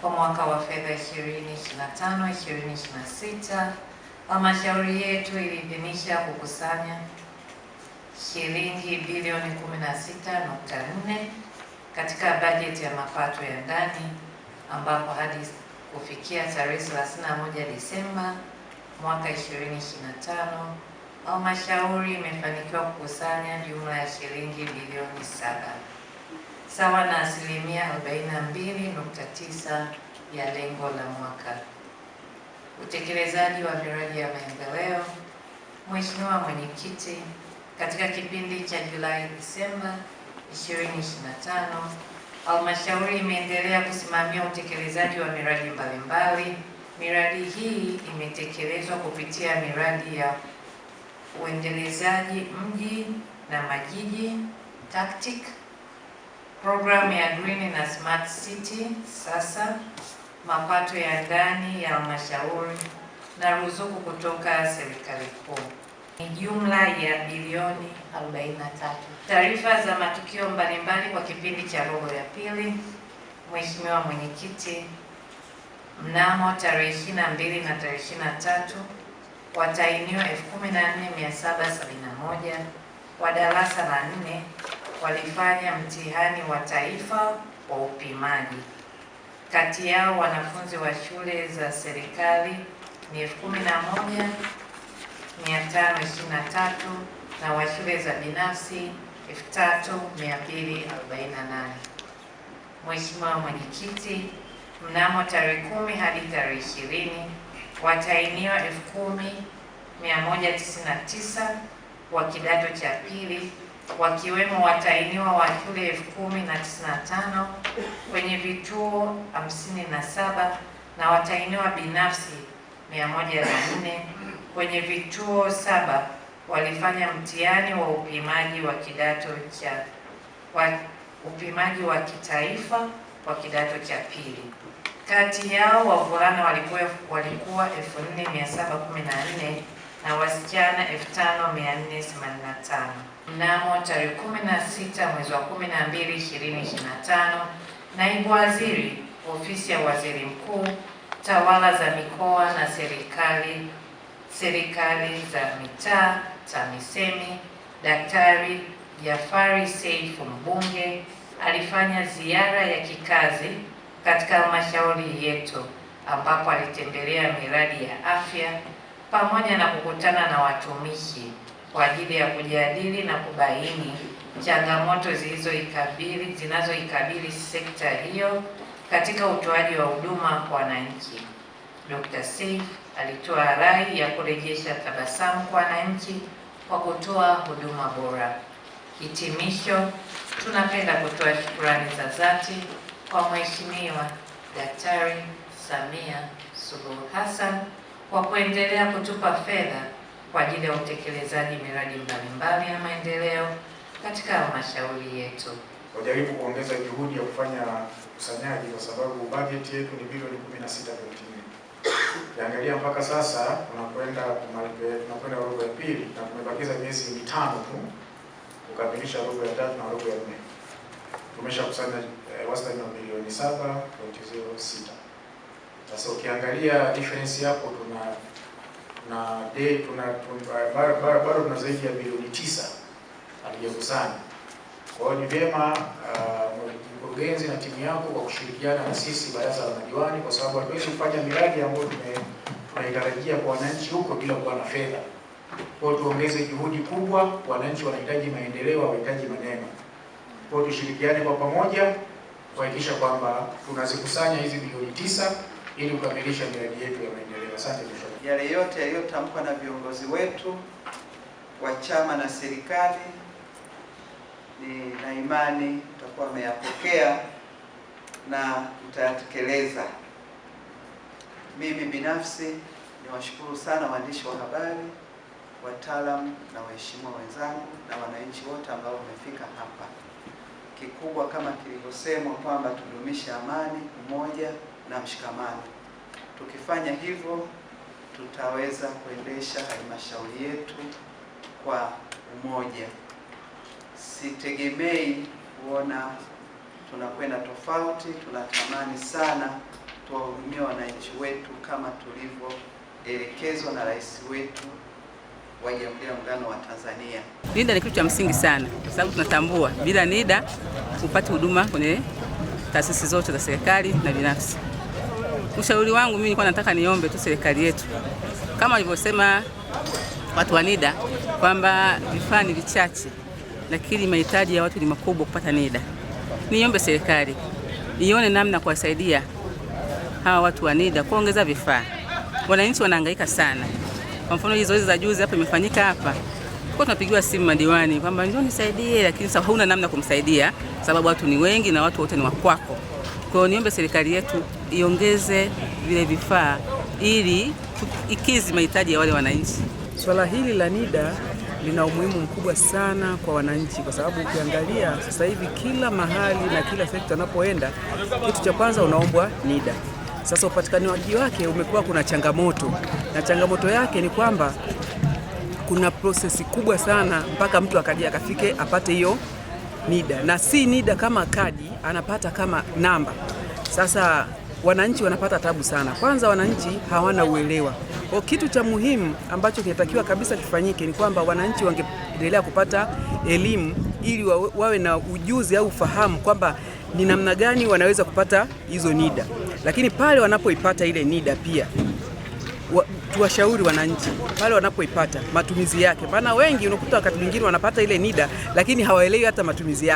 kwa mwaka wa fedha 2025 2026, halmashauri yetu iliidhinisha kukusanya shilingi bilioni 16.4 katika bajeti ya mapato ya ndani ambapo hadi kufikia tarehe 31 Desemba mwaka 2025 halmashauri imefanikiwa kukusanya jumla ya shilingi bilioni saba sawa na asilimia 42.9 ya lengo la mwaka. Utekelezaji wa miradi ya maendeleo. Mheshimiwa Mwenyekiti, katika kipindi cha Julai Desemba 2025 halmashauri imeendelea kusimamia utekelezaji wa miradi mbalimbali. Miradi hii imetekelezwa kupitia miradi ya uendelezaji mji na majiji tactics programu ya Green na Smart City, sasa mapato ya ndani ya halmashauri na ruzuku kutoka serikali kuu ni jumla ya bilioni 43. Taarifa za matukio mbalimbali kwa kipindi cha robo ya pili. Mheshimiwa Mwenyekiti, mnamo tarehe 22 na tarehe 23 watainiwa 14771 wa darasa la 4 walifanya mtihani wa taifa wa upimaji. Kati yao wanafunzi wa shule za serikali ni 11523 na wa shule za binafsi 3248. Mheshimiwa Mwenyekiti, mnamo tarehe kumi hadi tarehe ishirini watainiwa 10199 wa kidato cha pili wakiwemo watahiniwa wa shule elfu kumi na tisini na tano kwenye vituo hamsini na saba na watahiniwa binafsi mia moja na nne kwenye vituo saba walifanya mtihani wa upimaji wa kidato cha wa, upimaji wa kitaifa wa kidato cha pili. Kati yao wavulana walikuwa walikuwa 4714 na wasichana 5485 mnamo tarehe 16 mwezi wa 12 2025, naibu waziri ofisi ya waziri mkuu tawala za mikoa na serikali serikali za mitaa TAMISEMI Daktari Jafari Saif Mbunge alifanya ziara ya kikazi katika halmashauri yetu ambapo alitembelea miradi ya afya pamoja na kukutana na watumishi kwa ajili ya kujadili na kubaini changamoto zilizoikabili zinazoikabili sekta hiyo katika utoaji wa huduma kwa wananchi. Dr. Seif alitoa rai ya kurejesha tabasamu kwa wananchi kwa kutoa huduma bora. Hitimisho, tunapenda kutoa shukurani za dhati kwa Mheshimiwa Daktari Samia Suluhu Hassan kwa kuendelea kutupa fedha kwa ajili ya utekelezaji miradi mbalimbali ya maendeleo katika halmashauri yetu. Wajaribu kuongeza juhudi ya kufanya ukusanyaji kwa sababu bajeti yetu ni bilioni 16.4. Ukiangalia mpaka sasa tunakwenda tunakwenda robo ya pili na tumebakiza miezi mitano tu kukamilisha robo ya tatu na robo ya nne. Tumeshakusanya eh, wastani wa bilioni 7.06. Sasa ukiangalia difference hapo tuna na de, tuna, bado tuna zaidi ya bilioni tisa aliyokusanya. Kwa hiyo ni vyema uh, mkurugenzi na timu yako kwa kushirikiana na sisi baraza la madiwani, kwa sababu hatuwezi kufanya miradi ambayo tunaitarajia kwa wananchi huko bila kuwa na fedha. Kwa hiyo tuongeze juhudi kubwa, wananchi wanahitaji maendeleo, wanahitaji maneno. Kwa hiyo tushirikiane kwa pamoja kuhakikisha kwamba tunazikusanya hizi bilioni tisa ili kukamilisha miradi yetu ya maendeleo. Asante mheshimiwa. Yale yote yaliyotamkwa na viongozi wetu wa chama na serikali, ni na imani mtakuwa ameyapokea na mtayatekeleza. Mimi binafsi niwashukuru sana waandishi wa habari, wataalamu na waheshimiwa wenzangu na wananchi wote ambao wamefika hapa. Kikubwa kama kilivyosemwa kwamba tudumishe amani, umoja na mshikamano. Tukifanya hivyo, tutaweza kuendesha halmashauri yetu kwa umoja. Sitegemei kuona tunakwenda tofauti. Tunatamani sana tuwahudumia wananchi wetu kama tulivyoelekezwa na rais wetu wa Jamhuri ya Muungano wa Tanzania. NIDA ni kitu cha msingi sana, kwa sababu tunatambua bila NIDA hupati huduma kwenye taasisi zote za serikali na binafsi. Ushauri wangu mimi nilikuwa nataka niombe tu serikali yetu kama walivyosema watu wa NIDA kwamba vifaa ni vichache, lakini mahitaji ya watu ni makubwa kupata NIDA. Niombe serikali ione namna kuwasaidia hawa watu wa NIDA kuongeza vifaa. Wananchi wanahangaika sana. Kwa mfano hizo zoezi za juzi hapa imefanyika hapa kwa tunapigiwa simu madiwani kwamba njoo nisaidie, lakini sababu hauna namna kumsaidia, sababu watu ni wengi na watu wote ni wakwako. Kwa hiyo niombe serikali yetu iongeze vile vifaa ili ikizi mahitaji ya wale wananchi. Swala hili la NIDA lina umuhimu mkubwa sana kwa wananchi, kwa sababu ukiangalia sasa hivi kila mahali na kila sekta unapoenda, kitu cha kwanza unaombwa NIDA. Sasa upatikanaji wake umekuwa kuna changamoto, na changamoto yake ni kwamba kuna prosesi kubwa sana mpaka mtu akaja akafike apate hiyo NIDA, na si NIDA kama kadi, anapata kama namba. Sasa wananchi wanapata tabu sana. Kwanza wananchi hawana uelewa. Kwa kitu cha muhimu ambacho kinatakiwa kabisa kifanyike ni kwamba wananchi wangeendelea kupata elimu ili wawe na ujuzi au ufahamu kwamba ni namna gani wanaweza kupata hizo NIDA. Lakini pale wanapoipata ile NIDA pia wa, tuwashauri wananchi pale wanapoipata matumizi yake, maana wengi unakuta wakati mwingine wanapata ile NIDA lakini hawaelewi hata matumizi yake.